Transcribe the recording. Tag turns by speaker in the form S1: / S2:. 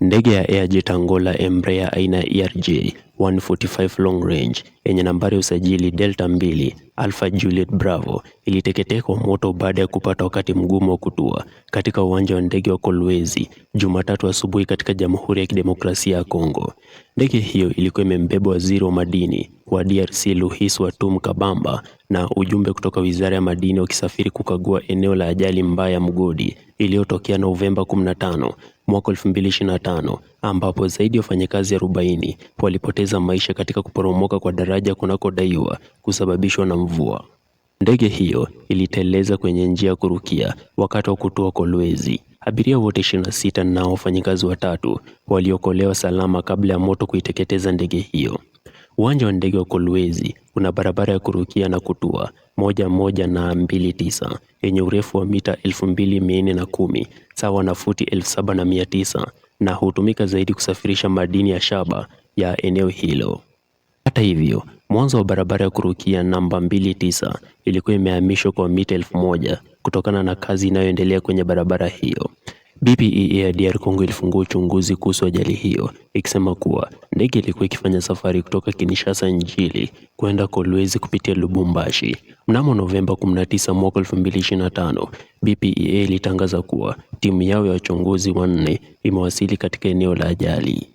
S1: Ndege ya Airjet Angola Embraer aina ya ERJ 145 long range yenye nambari ya usajili Delta 2 Alpha Juliet Bravo iliteketea kwa moto baada ya kupata wakati mgumu wa kutua katika uwanja wa ndege wa Kolwezi Jumatatu asubuhi katika Jamhuri ya Kidemokrasia ya Kongo. Ndege hiyo ilikuwa imembeba waziri wa madini wa DRC luhis Watum Kabamba na ujumbe kutoka Wizara ya Madini wakisafiri kukagua eneo la ajali mbaya ya mgodi iliyotokea Novemba 15 mwaka 2025 ambapo zaidi ya wafanyakazi 40 walipoteza maisha katika kuporomoka kwa daraja kunakodaiwa kusababishwa na mvua. Ndege hiyo iliteleza kwenye njia ya kurukia wakati wa kutua Kolwezi. Abiria wote 26 na wafanyakazi watatu waliokolewa salama kabla ya moto kuiteketeza ndege hiyo. Uwanja wa ndege wa Kolwezi una barabara ya kurukia na kutua moja moja na mbili tisa yenye urefu wa mita elfu mbili mia nne na kumi sawa na futi elfu saba na mia tisa na hutumika zaidi kusafirisha madini ya shaba ya eneo hilo. Hata hivyo, mwanzo wa barabara ya kurukia namba mbili tisa ilikuwa imehamishwa kwa mita elfu moja kutokana na kazi inayoendelea kwenye barabara hiyo. BPEA ya DR Congo ilifungua uchunguzi kuhusu ajali hiyo ikisema kuwa ndege ilikuwa ikifanya safari kutoka Kinshasa Njili kwenda Kolwezi kupitia Lubumbashi. Mnamo Novemba 19 mwaka 2025, BPEA ilitangaza kuwa timu yao ya wachunguzi wanne imewasili katika eneo la ajali.